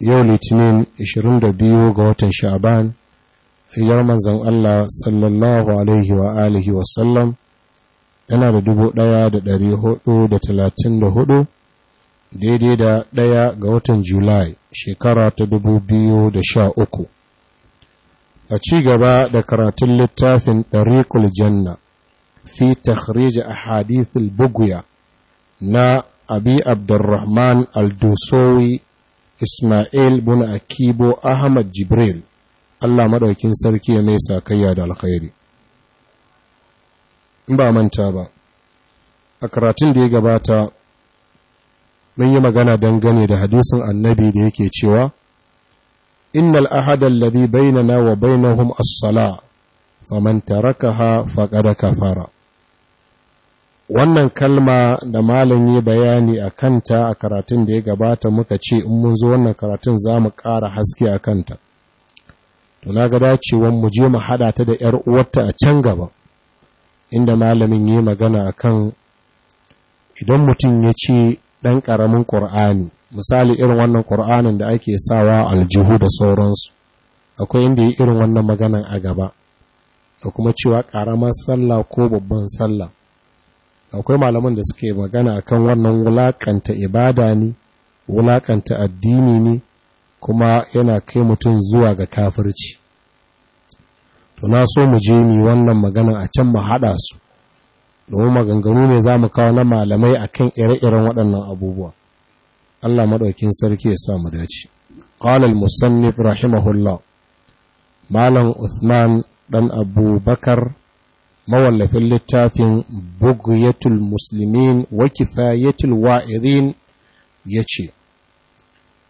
yau litinin 22 ga watan sha'aban hijar manzan Allah sallallahu alaihi wa alihi wasallam yana da 1434 daidai da ɗaya ga watan julai shekara ta dubu biyu da sha uku. a ci gaba da karatun littafin ɗariƙul janna fi takhrij a hadithul bugya na abi abdurrahman al dusowi Ismail bin Akibo Ahmad Jibril, Allah maɗaukin sarki ya mai sakayya da alkhairi. In ba manta ba, a karatun da ya gabata, mun yi magana dangane da hadisin annabi da yake cewa, Innal ahadal ladhi bainana wa bainahum as-sala faman tarakaha faqad kafara wannan kalma da malam yi bayani a kanta a karatun da ya gabata muka ce in mun zo wannan karatun za mu ƙara haske a kanta to na ga dacewa mu je mu haɗa ta da ‘yar uwarta a can gaba inda malamin yi magana a kan idan mutum ya ce ɗan ƙaramin ƙur'ani misali irin wannan ƙur'anin da ake sawa aljihu da sauransu akwai inda yi irin wannan maganan a gaba da kuma cewa ƙaramar sallah ko babban sallah akwai malaman da suke magana kan wannan wulaƙanta ibada ne wulaƙanta addini ne kuma yana kai mutum zuwa ga kafirci to na so mu je mi wannan magana a can mu haɗa su domin maganganu ne za mu kawo na malamai a kan ire-iren waɗannan abubuwa Allah maɗaukin sarki ya sa mu dace ƙalal musannif rahimahullah malam usman ɗan abubakar mawallafin littafin bugiyatul muslimin wa kifayatul wa'irin ya ce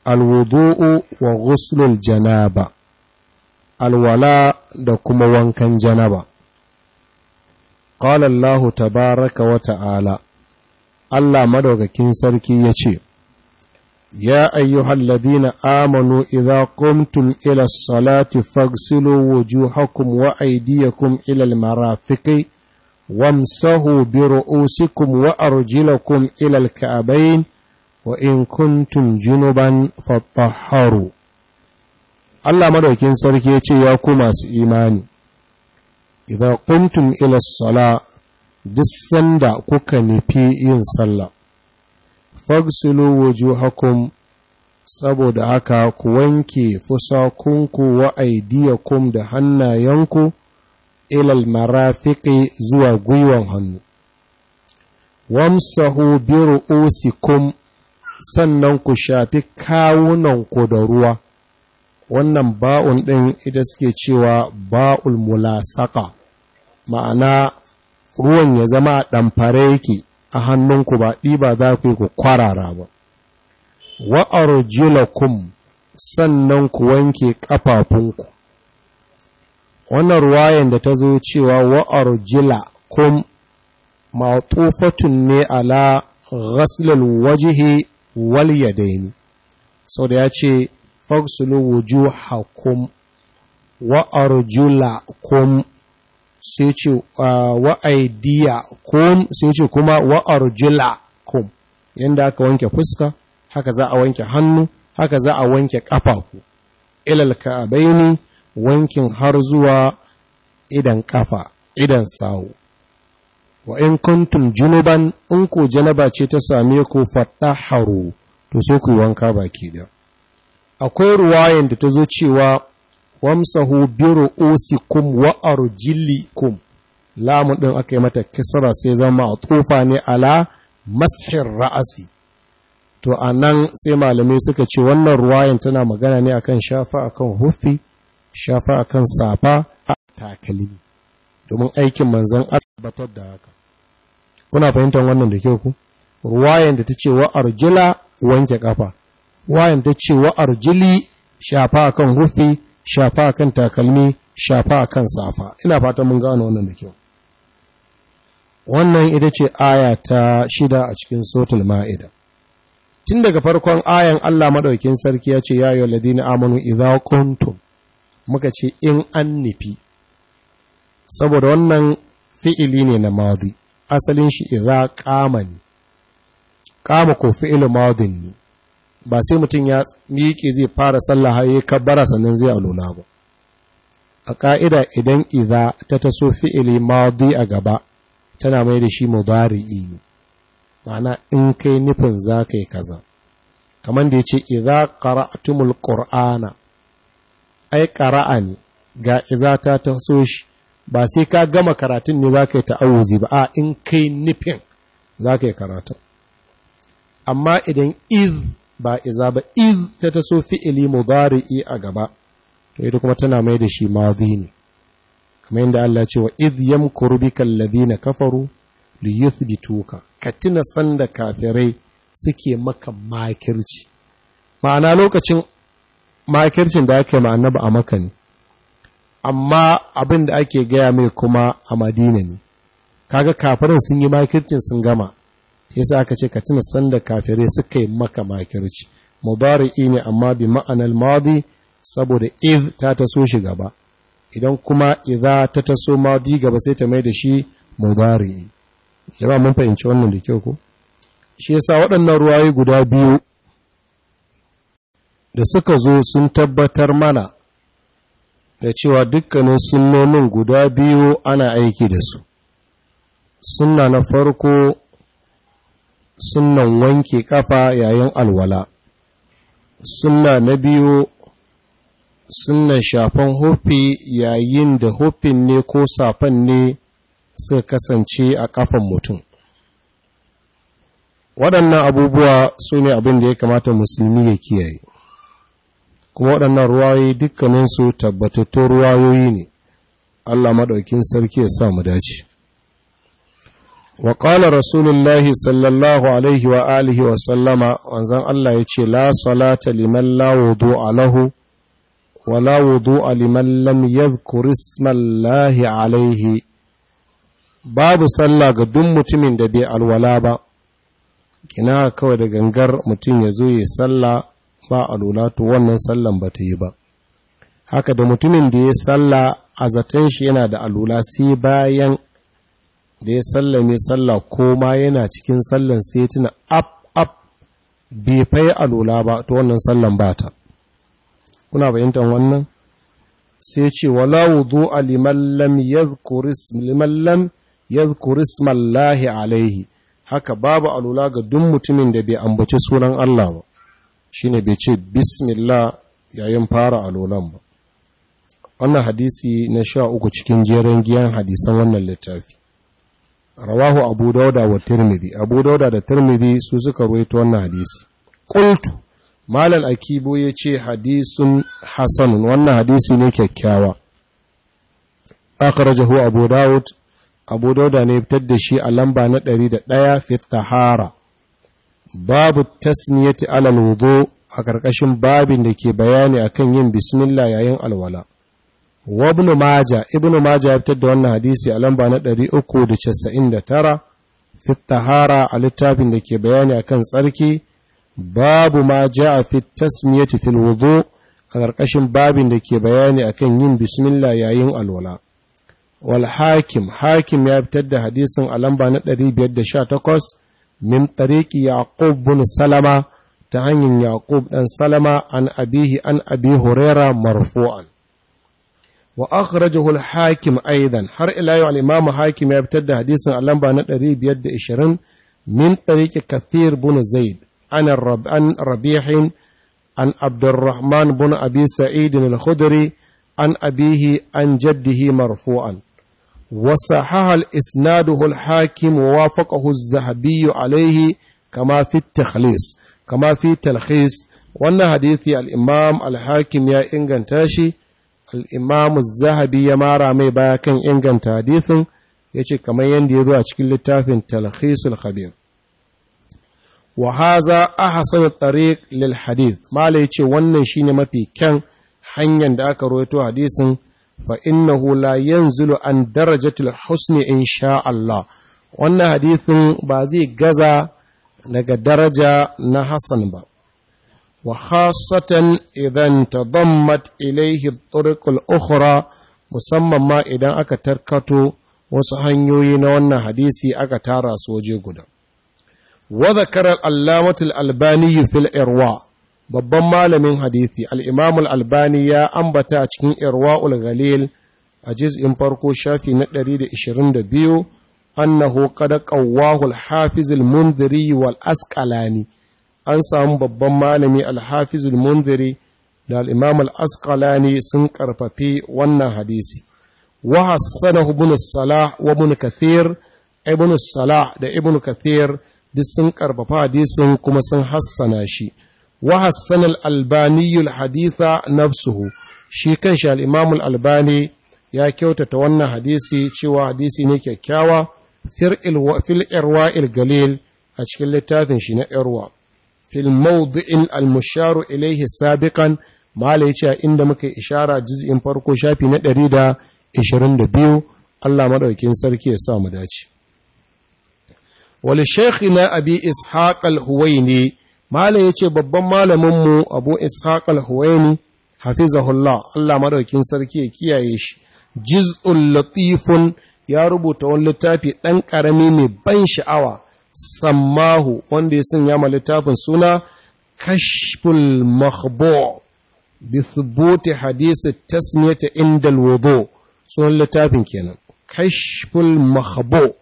alwudu'u wa ghuslul janaba alwala da kuma wankan janaba qala allah tabaraka wa ta'ala allah madaukakin sarki ya ce يا أيها الذين آمنوا إذا قمتم إلى الصلاة فاغسلوا وجوهكم وأيديكم إلى المرافق وامسهوا برؤوسكم وأرجلكم إلى الكعبين وإن كنتم جنبا فطهروا Allah madaukin sarki ya ce ya ku masu imani, Iza kuntum ila sala duk sanda kuka nufi yin sallah, fagsulu wujuhakum saboda haka ku wanke fusakunku wa aidiyakum da hannayenku ilal marafiqi zuwa gwiwan hannu wamsahu bi ru'usikum sannan ku shafi kawunanku da ruwa wannan ba'un ɗin ita suke cewa ba'ul mulasaka ma'ana ruwan ya zama ɗamfare yake a hannunku ba ɗiba za ku yi ku kwarara ba wa’ar arjulakum sannan ku wanke ƙafafunku wannan ruwayen da ta zo cewa wa'ar jilakum ma'tufatun ne ala ghaslil wajhi wal yadaini sau da ya ce fagsulu wujuhakum wa’ar arjulakum sai ce kuma wa jila kum Yadda aka wanke fuska haka za a wanke hannu haka za a wanke ƙafafu ilal ka'abaini wankin har zuwa idan kafa idan sawu wa in kuntum junuban in ku janaba ce ta same ku fatahharu to sai ku wanka baki da akwai ruwayan da ta zo cewa wamsahu bi ru'usikum wa arjilikum lamu din aka yi mata kisra sai zama tufa ne ala mashir ra'asi to anan sai malamai suka ce wannan ruwayan tana magana ne akan shafa akan huffi shafa akan safa a takalmi domin aikin manzon batar da haka kuna fahimtar wannan da kyau ku ruwayan da ta ce wa arjila wanke kafa ruwayan ta ce wa arjili shafa akan hufi shafa akan takalmi shafa akan safa ina fata mun gano wannan da kyau wannan ita ce aya ta shida a cikin sotul ma'ida tun daga farkon ayan Allah madaukin sarki ya ce ya yi ladina amanu idza kuntum muka ce in an nufi saboda wannan fi'ili ne na madi asalin shi idza kama ne kama ko fi'ilu madin ne ba sai mutum ya miƙe zai fara sallah har ya kabbara sannan zai alula ba a ƙa'ida idan izata ta taso fi'ili madi a gaba tana mai da shi mudari'i ma'ana in kai nufin za ka yi kaza kamar da ya ce idza qara'tumul ƙor’ana ai qara'a ne ga iza ta taso shi ba sai ka gama karatun ne za ka yi ta'awuzi ba a in kai nufin za ka yi karatun amma idan iz ba iza ba in ta taso fi'ili mudari'i a gaba to ita kuma tana mai da shi madhi ne kamar yadda Allah ce wa yam kurbi bika na kafaru li yuthbituka katina sanda kafirai suke maka makirci ma'ana lokacin makircin da ake ma'ana ba a maka ne amma abin da ake gaya mai kuma a madina ne kaga kafirin sun yi makircin sun gama yasa aka ce ka tuna sanda kafirai suka yi maka makirci mubari'i ne amma bi ma'anar madi saboda iz ta taso shi gaba idan kuma idza ta taso madi gaba sai ta mai da shi mubari'i jama'a mun fahimci wannan da kyau ko shi yasa waɗannan ruwaye guda biyu da suka zo sun tabbatar mana da cewa dukkanin sunnonin guda biyu ana aiki da su sunna na farko Sunan wanke kafa yayin alwala sunna na biyu sunnan shafan hufi yayin da hufin ne ko safan ne suka kasance a kafan mutum waɗannan abubuwa su ne abin da ya kamata musulmi ya kiyaye kuma waɗannan ruwayoyi dukkaninsu tabbatattun ruwayoyi ne Allah maɗaukin sarki ya sa mu dace Waƙala ƙala rasulullahi sallallahu alaihi wa alihi wa sallama wanzan Allah ya ce la salata liman la wudu alahu wa la wudu liman lam yadhkur ismallahi alaihi babu sallah ga duk mutumin da bai alwala ba Ina kawai da gangar mutum ya zo ya sallah ba alwala to wannan sallan ba ta yi ba haka da mutumin da ya sallah a zaton shi yana da alwala sai bayan da ya sallame sallah ko ma yana cikin sallan sai tuna ap ap bai fai alola ba ta wannan sallan ba kuna bayyantar wannan sai ce wala wudu a liman lam yadhkur ismallahi alaihi haka babu alola ga duk mutumin da bai ambaci sunan Allah ba shine bai ce bismillah yayin fara alolan ba wannan hadisi na sha uku cikin jeren giyan hadisan wannan littafi rawahu abu dauda wa tirmidhi abu dauda da tirmidhi su suka ruwaito wannan hadisi qultu malal akibo yace hadisun hasanun wannan hadisi ne kyakkyawa akhrajahu abu daud abu dauda ne fitar da shi a lamba na 101 fi tahara babu tasniyati alal wudu a karkashin babin da ke bayani akan yin bismillah yayin alwala Wabnu maja Ibnu maja ya fitar da wannan hadisi a lamba na 399 fi tahara a littafin da ke bayani akan tsarki babu ma a fi tasmiyati fil wudu a ƙarƙashin babin da ke bayani akan yin bismillah yayin alwala wal hakim hakim ya fitar da hadisin a lamba na 518 min tariqi yaqub bin salama ta hanyar yaqub dan salama an abihi an abi huraira marfu'an wa akhrajahu al-hakim aidan har ila yau al-imam hakim ya fitar da hadisin a lamba na 520 min tariq kathir bin zaid an rabihin an abdurrahman bin abi sa'id al-khudri an abihi an jaddihi marfu'an wa الإسناده الحاكم ووافقه الذهبي عليه كما في التخليص kama في تلخيص wannan hadithi al hakim ya inganta shi al'imamu zahabi ya mara mai baya kan inganta hadithin ya ce kamar yadda ya zo a cikin littafin talhisul khabir wa haza ahsan tariq lil hadith mala yace wannan shine mafi kyan hanyar da aka rawaito hadisin fa innahu la yanzilu an darajatil husni insha Allah wannan hadisin ba zai gaza daga daraja na hasan ba وخاصة إذا تضمت إليه الطرق الأخرى musamman ma idan aka tarkato wasu hanyoyi na wannan hadisi aka tara su waje guda. Wadakar al'amatul albani fil irwa, babban malamin hadisi, hadithi, al'imamul albani ya ambata a cikin irwa ul-galil a jiz'in farko shafi na 122, annahu kada ƙawahul hafizul mundiri wal askalani. an samu babban malami alhafizul munziri da al'imam al'askalani sun karfafe wannan hadisi wa hassanahu ibn salah wa ibn kathir ibn salah da ibn kathir duk sun karfafa hadisin kuma sun hassana shi wa hassanal albaniyul haditha nafsuhu shi kanshi al'imam al'albani ya kyautata wannan hadisi cewa hadisi ne kyakkyawa fil irwa il galil a cikin littafin shi na irwa fil mawdi'in al-musharu ilayhi sabiqan mala yace inda muka ishara juz'in farko shafi na 122 Allah madaukin sarki ya sa mu dace wal shaykhina abi ishaq al-huwaini mala yace babban malamin mu abu ishaq al-huwaini hafizahullah Allah madaukin sarki ya kiyaye shi juz'ul latifun ya rubuta wani littafi dan karami mai ban sha'awa sammahu wanda ya sanya ma littafin suna kashful makhbu bi thubuti hadisi tasmiyata inda alwudu sunan littafin kenan kashful makhbu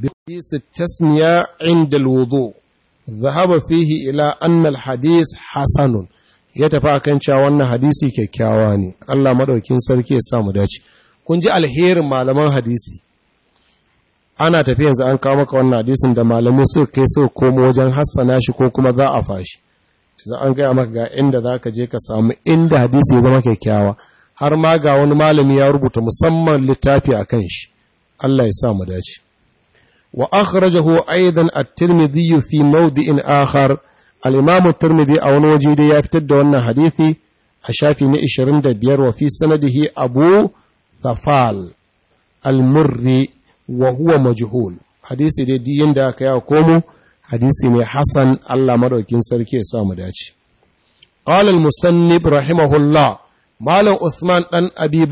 bi hadisi tasmiya inda alwudu ذهب فيه ila أن الحديث حسن ya tafi a kan cewa wannan hadisi kyakkyawa ne Allah madaukin sarki ya samu dace kun ji alherin malaman hadisi ana tafi yanzu an kawo maka wannan hadisin da malamu su kai su komo wajen hassana shi ko kuma za a fashi za an gaya maka ga inda za ka je ka samu inda hadisi ya zama kyakkyawa har ma ga wani malami ya rubuta musamman littafi a kan shi Allah ya sa mu dace wa akhrajahu aidan at-tirmidhi fi mawdi'in akhar al-imam at-tirmidhi a wani waje dai ya fitar da wannan hadisi a shafi na 25 wa fi sanadihi abu thafal al-murri wa huwa majhul hadisi dai duk yanda aka yawo komo hadisi ne hasan Allah madaukin sarki ya samu dace qala al-musannib rahimahullah malam Usman dan Abi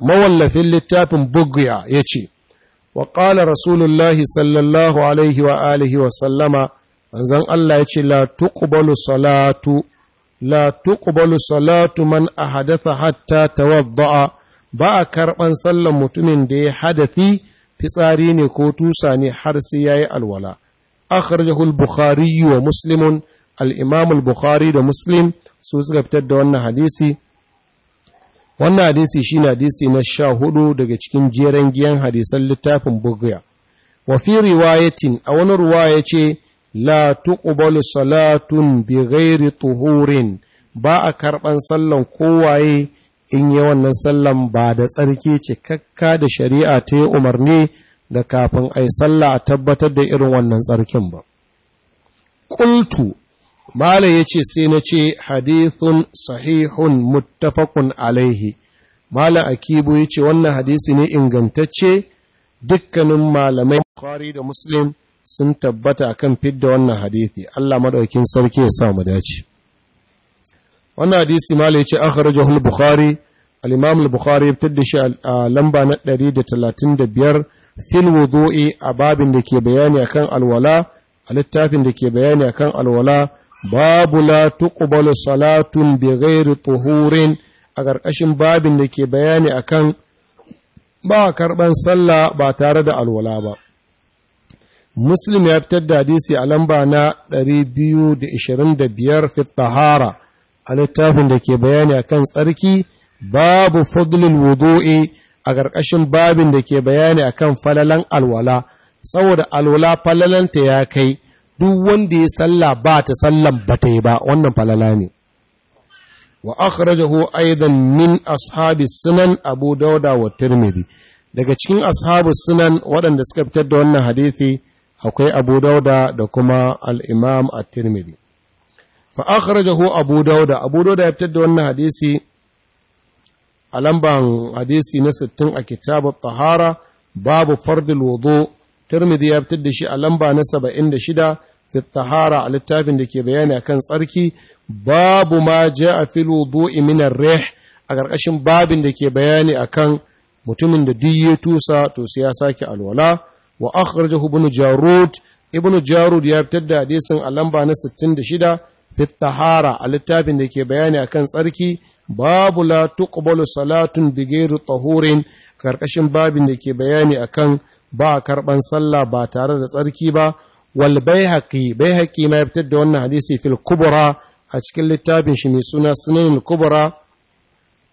mawallafin littafin Bugya yace wa qala rasulullahi sallallahu alaihi wa alihi wa sallama manzon Allah yace la tuqbalu salatu la tuqbalu salatu man ahadatha hatta tawadda ba a karban sallan mutumin da ya hadafi fitsari ne ko tusa ne har sai ya yi alwala akhrajahu al-bukhari wa muslimun al bukhari da muslim su suka fitar da wannan hadisi wannan hadisi shine hadisi na sha hudu daga cikin jeren giyan hadisan littafin Bugya. wa fi riwayatin a wani ruwaya ce la tuƙubal salatun bi ghairi tuhurin ba a karɓan sallan kowaye in yi wannan sallan ba da tsarki cikakka da shari'a ta yi umarni da kafin a yi sallah a tabbatar da irin wannan tsarkin ba. Kultu Malam ya ce sai na ce hadithun sahihun muttafaqun alaihi, Malam Akibu ya ce wannan hadisi ne ingantacce dukkanin malamai kwari da Muslim sun tabbata kan fidda wannan hadithi, Allah maɗaukin sarki ya sa mu dace. wannan hadisi mala ce akhrajahu al-bukhari al-imam al-bukhari ya fitar da shi a lamba na 135 fil wudu'i a babin da ke bayani akan alwala a littafin da ke bayani akan alwala babu la tuqbalu salatun bighairi tuhurin a ƙarƙashin babin da ke bayani akan ba karban sallah ba tare da alwala ba muslim ya fitar da hadisi a lamba na 225 fi tahara a littafin da ke bayani a kan tsarki babu fadlul wudu'i a ƙarƙashin babin da ke bayani a kan falalan alwala saboda alwala falalanta ya kai duk wanda ya salla ba ta sallan ba ta yi ba wannan falala ne wa akhrajahu aidan min ashabi sunan abu dauda wa tirmidhi daga cikin ashabi sunan waɗanda suka fitar da wannan hadithi akwai abu dauda da kuma Al'imam a at fa akhrajahu abu dauda abu dauda ya fitar da wannan hadisi a lamban hadisi na 60 a kitabar tahara babu fardil wudu tirmidhi ya fitar da shi a lamba na 76 shida at-tahara a littafin da ke bayani akan tsarki babu ma jaa fil wudu'i min ar a ƙarƙashin babin da ke bayani akan mutumin da duk tusa to sai ya sake alwala wa akhrajahu ibnu jarud ibn jarud ya fitar da hadisin a lamba na 66 fit tahara a littafin da ke bayani akan tsarki babu la tuqbalu salatun bigairu tahurin karkashin babin da ke bayani akan ba karban sallah ba tare da tsarki ba wal baihaqi baihaqi ma ya fitar da wannan hadisi fil kubra a cikin littafin shi mai suna sunan kubra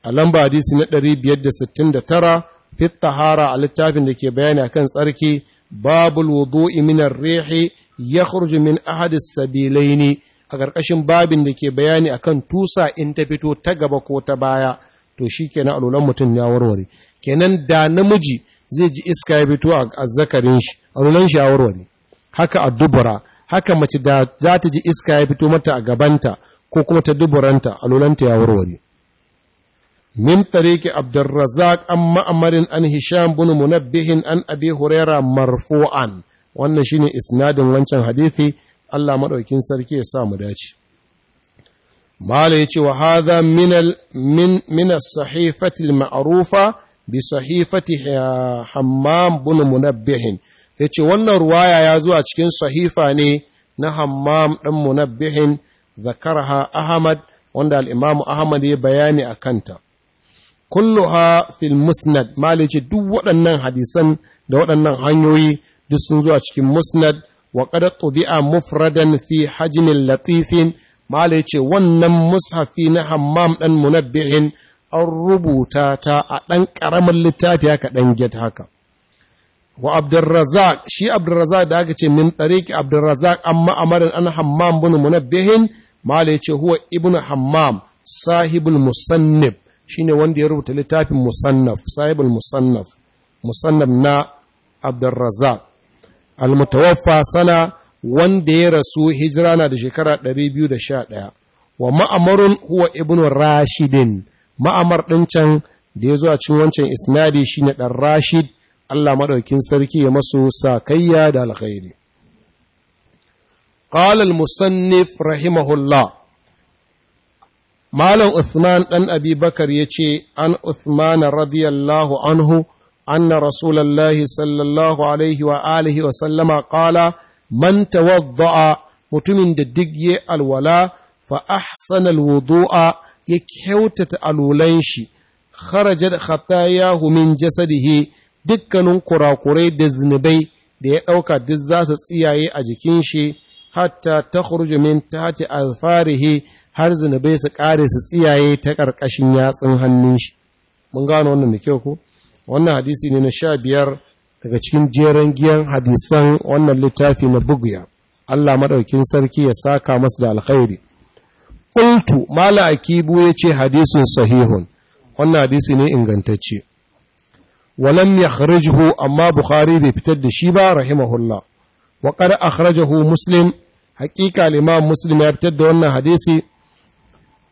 a lamba hadisi na 569 fit tahara a littafin da ke bayani akan tsarki babul wudu'i min ar-rihi yakhruju min ahadi sabilaini a ƙarƙashin babin da ke bayani akan tusa in ta fito ta gaba ko ta baya to shi kenan alulan mutum ya warware kenan da namiji zai ji iska ya fito a zakarin shi alulan shi ya warware haka a dubura haka mace da za ta ji iska ya fito mata a gabanta ko kuma ta duburanta ta ya warware min tariki abdurrazzaq an ma'amarin an hisham bin munabbihin an abi huraira marfu'an wannan shine isnadin wancan hadithi Allah maɗaukin sarki ya sa mu dace mala ya ce wa hadha min sahifati al-ma'rufa bi sahifati hammam munabbihin Ya yace wannan ruwaya ya zuwa cikin sahifa ne na hammam ɗan munabbihin zakarha ahmad wanda al'imamu ahmad ya bayani akanta ha fil musnad mala duk waɗannan hadisan da waɗannan hanyoyi duk sun zuwa cikin musnad wa qad tubi'a mufradan fi hajmin latifin mala wannan mushafi na hammam dan munabbi'in an rubuta ta a dan karamin littafi haka dan get haka wa abdurrazzaq shi abdurrazzaq da aka ce min tariqi abdurrazzaq amma amarin an hammam bin munabbihin mala yace huwa ibnu hammam sahibul musannif shine wanda ya rubuta littafin musannaf sahibul musannaf musannaf na abdurrazzaq almutawaffa sana wanda ya rasu hijira na da shekara 211 wa ma'amarun huwa ibn rashidin ma'amar ɗin can da ya zo a cin wancan isnadi shine ɗan rashid Allah maɗaukin sarki ya masu sakayya da alkhairi qala al-musannif rahimahullah malam Usman ɗan Abibakar yace ya ce, An Usmana radiyallahu anhu أن رسول الله صلى الله عليه وآله وسلم قال من توضأ متمن ددقي الولاء فأحسن الوضوء يكيوتة الولينشي خرجت خطاياه من جسده دكان كراكوري دزنبي دي أوكا دزاس duk أجكينش حتى تخرج من تحت shi har zunubai su ƙare su tsiyaye ta ƙarƙashin yatsun hannun shi mun gano wannan da kyau ko wannan hadisi ne na sha biyar daga cikin jeren giyan hadisan wannan littafi na buguya Allah maɗaukin sarki ya saka masu da alkhairi ƙultu mala akibu ya ce hadisun sahihun wannan hadisi ne ingantacce walam ya kharajhu amma bukhari bai fitar da shi ba rahimahullah wa qad akhrajahu muslim haqiqa al-imam muslim ya fitar da wannan hadisi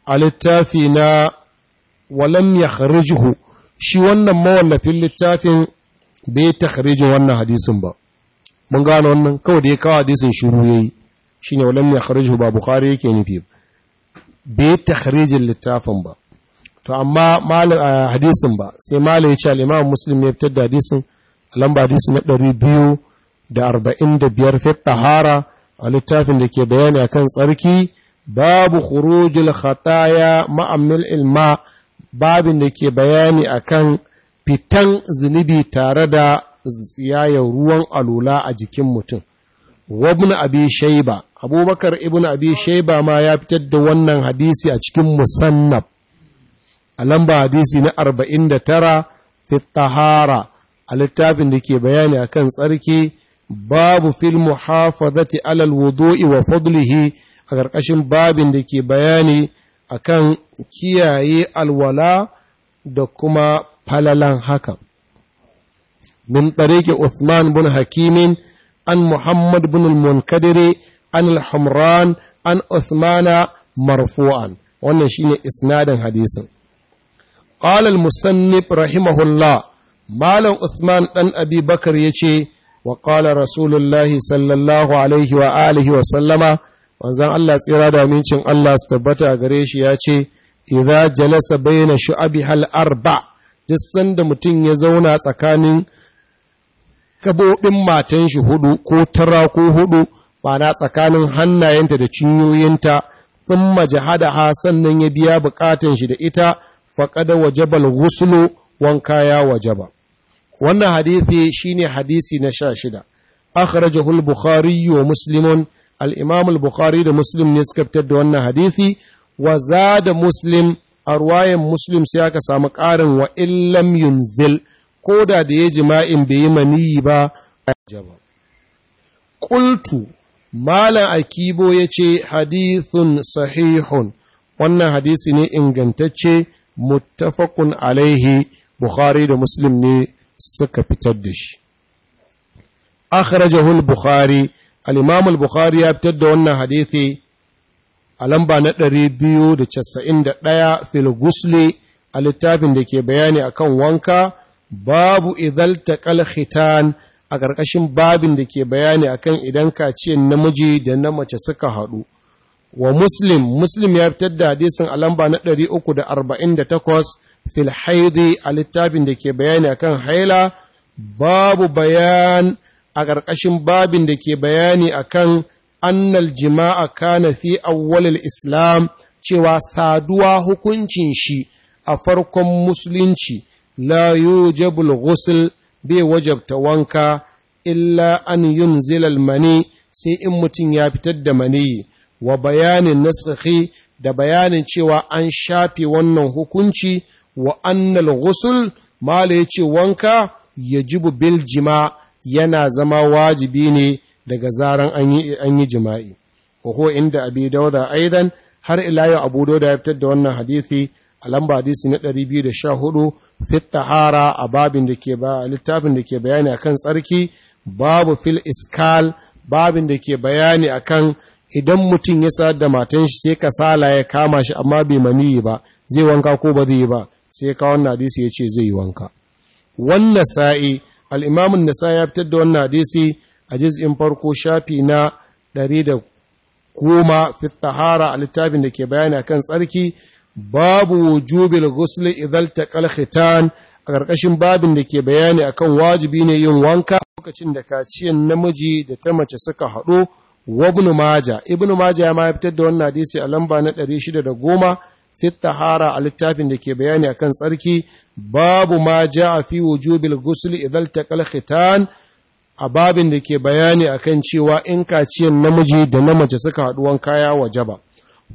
a littafi na walam ya kharajhu shi wannan mawallafin littafin bai takharijin wannan hadisin ba mun gane wannan kawai da ya kawo hadisin shiru yayi shine walam ya khariju ba bukhari yake nufi bai takharijin littafin ba to amma a ah, hadisin ba sai malam ya ce al-imam muslim ya fitar da hadisin lamba hadisi na biyar fi hara a littafin da ke bayani akan tsarki babu khurujil khataya ma'amil ilma babin da ke bayani akan fitan zunubi tare da tsiyayar ruwan alula a jikin mutum wabin abi shaiba abubakar ibn abi shaiba ma ya fitar da wannan hadisi a cikin musannaf a lamba hadisi na arba'in 49 tara fitahara a littafin da ke bayani a kan tsarki babu fil muhafazati alal wudu'i wa fadlihi a ƙarƙashin babin da ke bayani akan kiyaye alwala da kuma falalan hakan min tsarike Uthman bin Hakimin an Muhammad bin al-Munkadiri an al-Humran an Uthmana marfu'an wannan shine isnadin hadisin qala musannif rahimahullah malam Uthman ɗan Abi Bakar ce wa qala rasulullahi sallallahu alaihi wa alihi wa sallama Wanzan Allah tsira da amincin Allah su tabbata a gare shi ya ce idza jalasa bayna shu'abi hal arba duk sanda mutum ya zauna tsakanin kabobin matan shi hudu ko tara ko hudu bana tsakanin hannayenta da cinyoyinta in majahada ha sannan ya biya bukatan shi da ita faqada wajabal ghuslu wanka ya wajaba wannan hadisi shine hadisi na 16 akhrajahu al-bukhari wa musulman. al'imam al-bukhari da muslim ne suka fitar da wannan hadithi wa da muslim a ruwayan muslim sai aka samu ƙarin wa'illan yunzil ko da da ya jima'in bai yi maniyi ba a ƙultu malam akibo ya ce hadithun sahihun wannan hadisi ne ingantacce muttafaqun alaihi bukhari da muslim ne suka fitar da shi akhrajahu al-bukhari Alimamul bukhari ya fitar da wannan hadisi a lamba na da casa'in da ɗaya, Filgusle a littafin da ke bayani akan wanka babu idhal taqal khitan a ƙarƙashin babin da ke bayani akan idan kaciyar namiji da na mace suka haɗu wa muslim muslim ya fitar da hadisin a lamba na ɗari da arba'in da fil haidi a littafin da ke bayani akan haila babu bayan a ƙarƙashin babin da ke bayani akan annal jima'a kana fi awwalil islam cewa saduwa hukuncin shi a farkon musulunci la yujabul ghusl bai wajabta wanka illa an yunzilal mani sai in mutum ya fitar da mani wa bayanin nasikhi da bayanin cewa an shafe wannan hukunci wa annal ghusl mala yace wanka ya yajibu bil jima'a. yana zama wajibi ne daga zaran an yi jima'i wa huwa inda abi dauda aidan har ila yau abu dauda ya fitar da wannan hadisi a lamba hadisi na 214 fit tahara a babin da ke ba littafin da ke bayani akan tsarki babu fil iskal babin da ke bayani akan idan mutum ya sa da matan shi sai kasala ya kama shi amma bai maniyi ba zai wanka ko ba zai yi ba sai ka wannan hadisi ya ce zai yi wanka wannan sa'i al'imamun nasa ya fitar da wannan hadisi a jiz'in farko shafi na ɗari da goma fitahara a littafin da ke bayani a kan tsarki babu wujubil ghusl idhal ta kalhitan a ƙarƙashin babin da ke bayani akan wajibi ne yin wanka lokacin da kaciyan namiji da ta mace suka haɗo, wa maja ibn maja ya ma fitar da wannan hadisi a lamba na ɗari shida da goma. fit hara a littafin da ke bayani a kan tsarki babu ma ja a fi wujubil gusul idan taqal khitan a babin da ke bayani akan cewa in kaciyan namiji da na mace suka haɗuwan kaya wajaba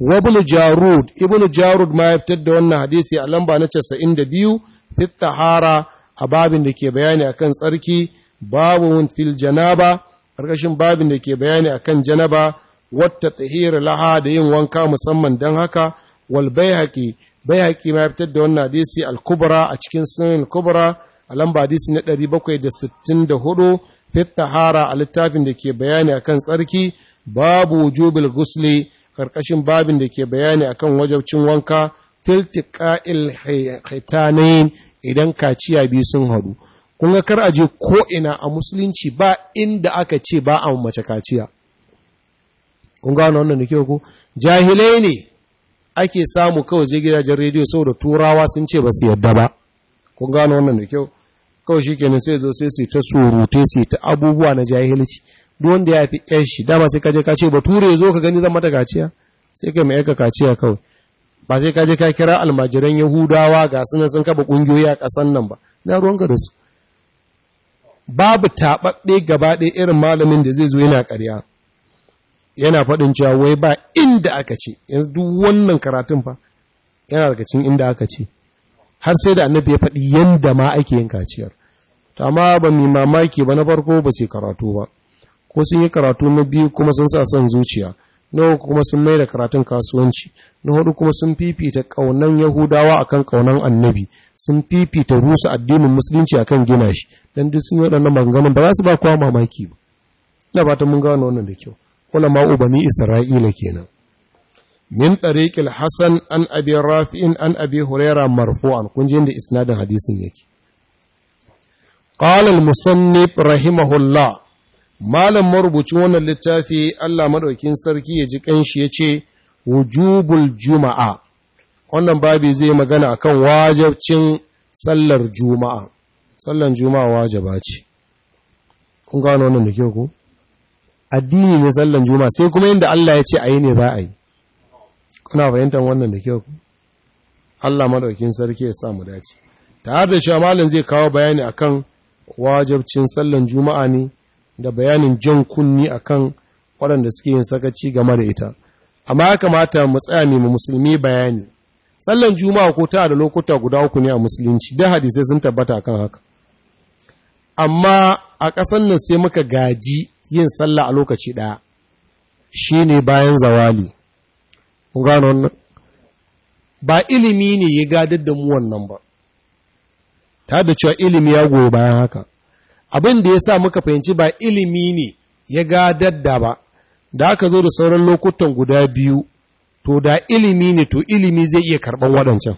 wabul jarud ibn jarud ma ya fitar da wannan hadisi a lamba na 92 fit hara a babin da ke bayani akan tsarki babu fil janaba karkashin babin da ke bayani akan janaba wata tahira laha da yin wanka musamman don haka wal bayhaqi bayhaqi ma fitar da wannan hadisi al kubra a cikin sunan al kubra a lamba hadisi na 764 fi tahara a littafin da ke bayani akan tsarki babu wujubil ghusli karkashin babin da ke bayani akan wajabcin wanka filtiqa'il khitanain idan kaciya biyu sun haɗu kun ga kar aje ko ina a musulunci ba inda aka ce ba a mace kaciya kun gano wannan ke ku jahilai ne ake samu kawai je gidajen rediyo saboda turawa sun ce ba su yadda ba kun gano wannan da kyau kawai shi kenan sai zo sai su ta surute su ta abubuwa na jahilci duk wanda ya fi ƴan shi dama sai kaje ka ce ba ture zo ka gani zan mata kaciya sai ka mai aika kaciya kawai ba sai kaje ka kira almajiran yahudawa ga sunan sun kaba kungiyoyi a kasan nan ba na ruwanka da su babu taɓaɓɓe gaba ɗaya irin malamin da zai zo yana ƙarya yana faɗin cewa wai ba inda aka ce yanzu duk wannan karatun fa yana daga cikin inda aka ce har sai da annabi ya faɗi yanda ma ake yin kaciyar to amma ba mai mamaki ba na farko ba sai karatu ba ko sun yi karatu na biyu kuma sun sa son zuciya na uku kuma sun mai da karatun kasuwanci na hudu kuma sun fifita kaunan yahudawa akan kaunan annabi sun fifita rusa addinin musulunci akan gina shi dan duk sun yi waɗannan maganganun ba za su ba kowa mamaki ba ina fatan mun gano wannan da kyau ulama ubani isra'ila kenan min tariqil hasan an abi rafi'in an abi huraira marfu'an kun ji inda isnadin hadisin yake qala al musannif rahimahullah malam marubucin wannan littafi Allah madaukin sarki ya ji kanshi yace wujubul juma'a wannan babi zai magana akan wajibcin sallar juma'a Sallar juma'a wajaba ce kun gano wannan da kyau ko addini ne sallan juma sai kuma yadda Allah ya ce a yi ne ba a yi kuna fahimtar wannan da kyau Allah madaukin sarki ya sa mu dace tare da shamalin zai kawo bayani akan wajabcin sallan juma'a ne da bayanin jan kunni akan waɗanda suke yin sakaci game da ita amma ya kamata mu tsaya ne mu musulmi bayani sallan juma'a ko ta da lokuta guda uku ne a musulunci da hadisai sun tabbata kan haka amma a ƙasar nan sai muka gaji yin sallah a lokaci ɗaya shi ne bayan zawali ba ilimi ne ya gadar da mu wannan ba ta da cewa ilimi ya goyi bayan haka abin da ya sa muka fahimci ba ilimi ne ya gadar da ba da aka zo da sauran lokutan guda biyu to da ilimi ne to ilimi zai iya karɓar waɗancan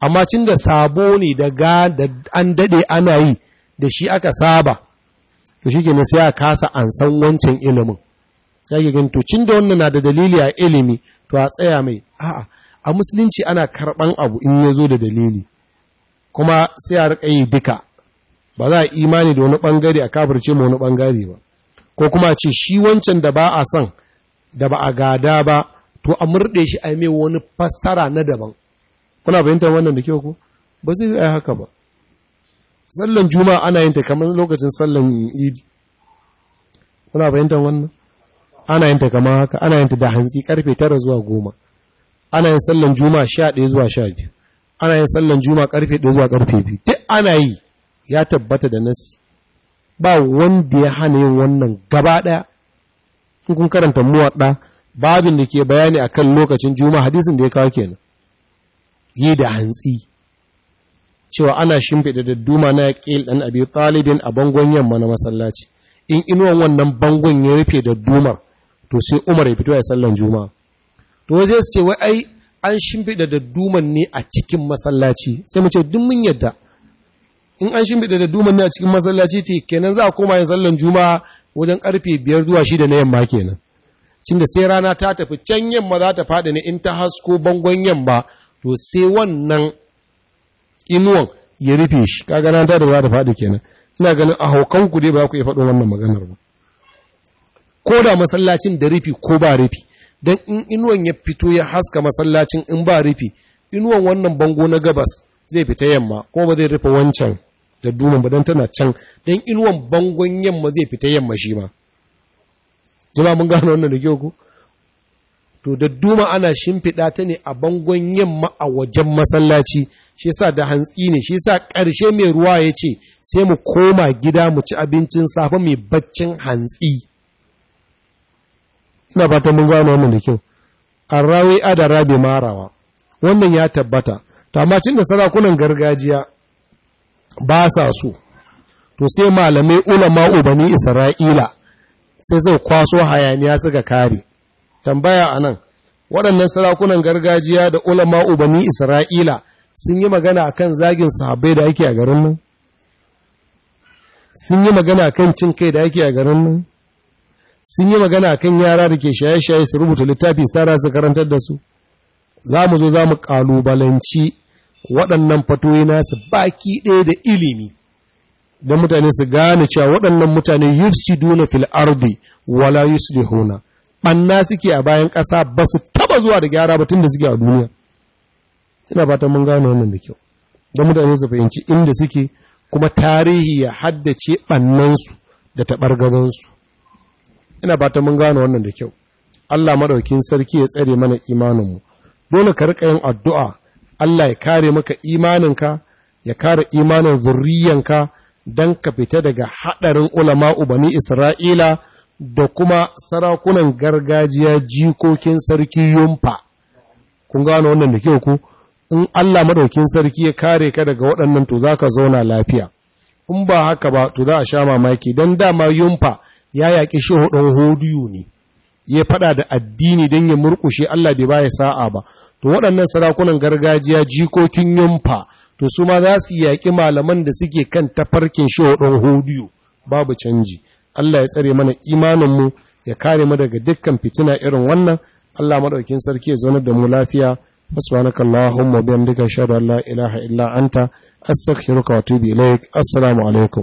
amma cin da sabo ne da an daɗe ana yi da shi aka saba to shi gina sai a kasa an san wancan ilimin sai ake gani to cin da wannan na da dalili a ilimi to a tsaya mai a'a a musulunci ana karɓan abu in ya zo da dalili kuma sai a riƙa yi duka ba za a imani da wani ɓangare a kafirce ma wani ɓangare ba ko kuma ce shi wancan da ba a san da ba a gada ba to a murɗe shi a yi mai wani fassara na daban kuna fahimtar wannan da kyau ko ba zai yi haka ba sallan juma'a ana yin ta kamar lokacin sallan idi kuna fahimtar wannan ana yin ta kama haka ana yin ta da hantsi karfe tara zuwa goma ana yin sallan juma'a sha ɗaya zuwa sha biyu ana yin sallan juma'a karfe ɗaya zuwa karfe biyu duk ana yi ya tabbata da nasi ba wanda ya hana yin wannan gaba ɗaya in kun karanta muwadda babin da ke bayani akan lokacin juma'a hadisin da ya kawo kenan yi da hantsi cewa ana shimfiɗa da duma na yaƙil ɗan abi talibin a bangon yamma na masallaci in inuwan wannan bangon ya rufe da dumar to sai umar ya fito ya sallan juma to zai su ce wai ai an shimfiɗa da duman ne a cikin masallaci sai mu ce duk mun yadda in an shimfiɗa da duman ne a cikin masallaci te kenan za a koma yin sallan juma wajen karfe biyar zuwa shida na yamma kenan cin da sai rana ta tafi can yamma za ta faɗi ne in ta hasko bangon yamma to sai wannan inuwan ya rufe shi kaga na da da faɗi kenan ina ganin a haukan ku dai ba ku iya faɗo wannan maganar ba ko da masallacin da rufi ko ba rufi dan in inuwan ya fito ya haska masallacin in ba rufi inuwan wannan bango na gabas zai fita yamma ko ba zai rufe wancan da duman ba dan tana can dan inuwan bangon yamma zai fita yamma shi ma jama mun gano wannan da kyau ku to da duma ana shimfiɗa ta ne a bangon yamma a wajen masallaci shi sa da hantsi ne shi sa ƙarshe mai ruwa ya ce sai mu koma gida mu ci abincin safe mai baccin hantsi ina ba mun gano wannan da kyau arrawi adara bai marawa wannan ya tabbata to amma cin da sarakunan gargajiya ba sa so to sai malamai ulama ubani isra'ila sai zai kwaso hayaniya suka kare tambaya anan waɗannan sarakunan gargajiya da ulama ubani isra'ila sun yi magana a kan zagin sahabbai da ake a garin nan sun yi magana a kan cin kai da ake a garin nan sun yi magana a kan yara da ke shaye-shaye su rubuta littafi tsara su karantar da su za mu zo za mu ƙalubalanci waɗannan fatoyi nasu baki ɗaya da ilimi don mutane su gane cewa waɗannan mutane duna fil arbi wala hona? ɓanna suke a bayan ƙasa ba su taba zuwa da gyara ba tun da suke a duniya ina fatan mun gano wannan da kyau don mutane su fahimci inda suke kuma tarihi ya haddace ɓannansu da taɓargazansu ina fatan mun gano wannan da kyau Allah madaukin sarki ya tsare mana imaninmu dole ka rika yin addu'a Allah ya kare maka imaninka ya kare imanin zurriyanka dan ka fita daga haɗarin ulama ubani Isra'ila da kuma sarakunan gargajiya jikokin sarki yumfa kun gano wannan da kyau ko. in Allah madaukin sarki ya kare ka daga waɗannan to zaka zauna lafiya in ba haka ba to za a sha mamaki dan dama yunfa ya yaƙi shehu ɗan hodiyo ne ya fada da addini don ya murkushe Allah bai baya sa'a ba to waɗannan sarakunan gargajiya jikokin yunfa to su ma za su yaƙi malaman da suke kan tafarkin shehu ɗan hodiyo babu canji Allah ya tsare mana imaninmu ya kare mu daga dukkan fitina irin wannan Allah maɗaukin sarki ya zaunar da mu lafiya subhanaka allahumma bihamdika ashhadu an la ilaha illa anta astaghfiruka wa atubu assalamu alaikum